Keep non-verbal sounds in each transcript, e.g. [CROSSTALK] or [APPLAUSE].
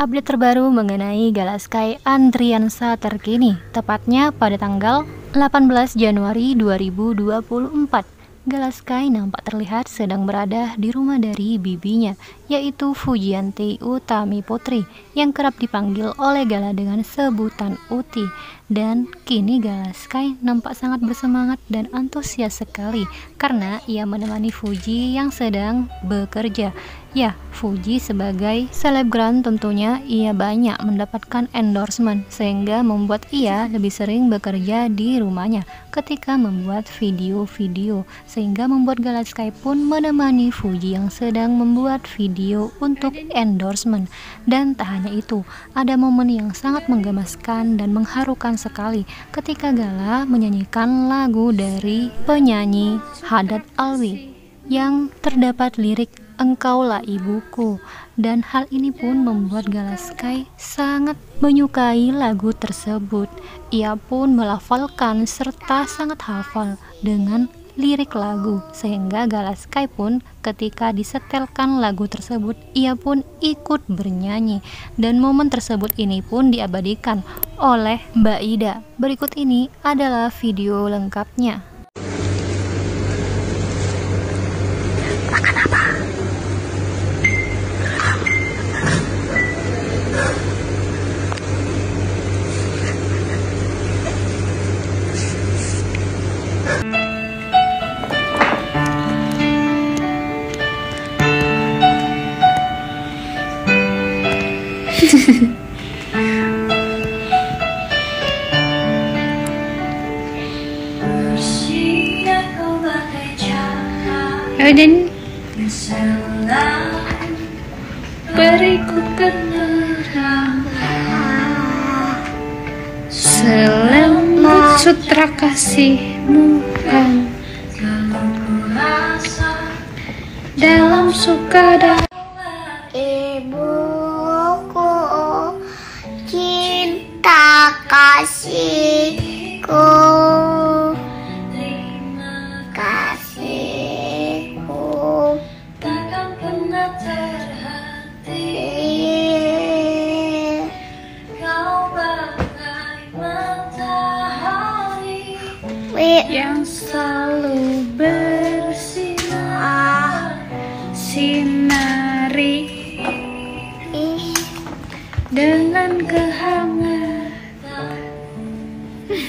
update terbaru mengenai Galaskai Andriansa terkini, tepatnya pada tanggal 18 Januari 2024. Galaskai nampak terlihat sedang berada di rumah dari bibinya, yaitu Fujianti Utami Putri, yang kerap dipanggil oleh Gala dengan sebutan Uti. Dan kini Galaskai nampak sangat bersemangat dan antusias sekali karena ia menemani Fuji yang sedang bekerja Ya, Fuji sebagai selebgram tentunya ia banyak mendapatkan endorsement sehingga membuat ia lebih sering bekerja di rumahnya ketika membuat video-video sehingga membuat Galat Sky pun menemani Fuji yang sedang membuat video untuk endorsement dan tak hanya itu ada momen yang sangat menggemaskan dan mengharukan sekali ketika Gala menyanyikan lagu dari penyanyi Hadad Alwi yang terdapat lirik engkaulah ibuku. Dan hal ini pun membuat Galaskai sangat menyukai lagu tersebut. Ia pun melafalkan serta sangat hafal dengan lirik lagu sehingga Galaskai pun ketika disetelkan lagu tersebut ia pun ikut bernyanyi dan momen tersebut ini pun diabadikan oleh Mbak Ida berikut ini adalah video lengkapnya Oh dan berikut penerangan sutra kasihmu kan dalam suka dan kasihku kasihku takkan pernah terhenti kau bagai matahari yang selalu bersinar ah. sinari dengan ke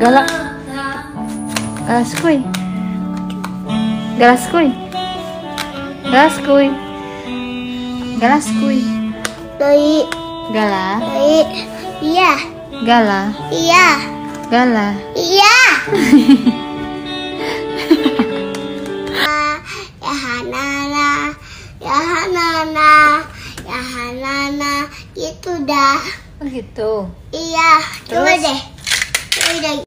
Galak. Galas kuy. Galas kuy. Galas kuy. Galas kuy. Doi. Gala. Iya. Gala. Iya. Gala. Iya. [LAUGHS] ya Hanana, ya Hanana, ya Hanana, ya, gitu dah. Oh gitu. Iya, coba deh. Coba deh.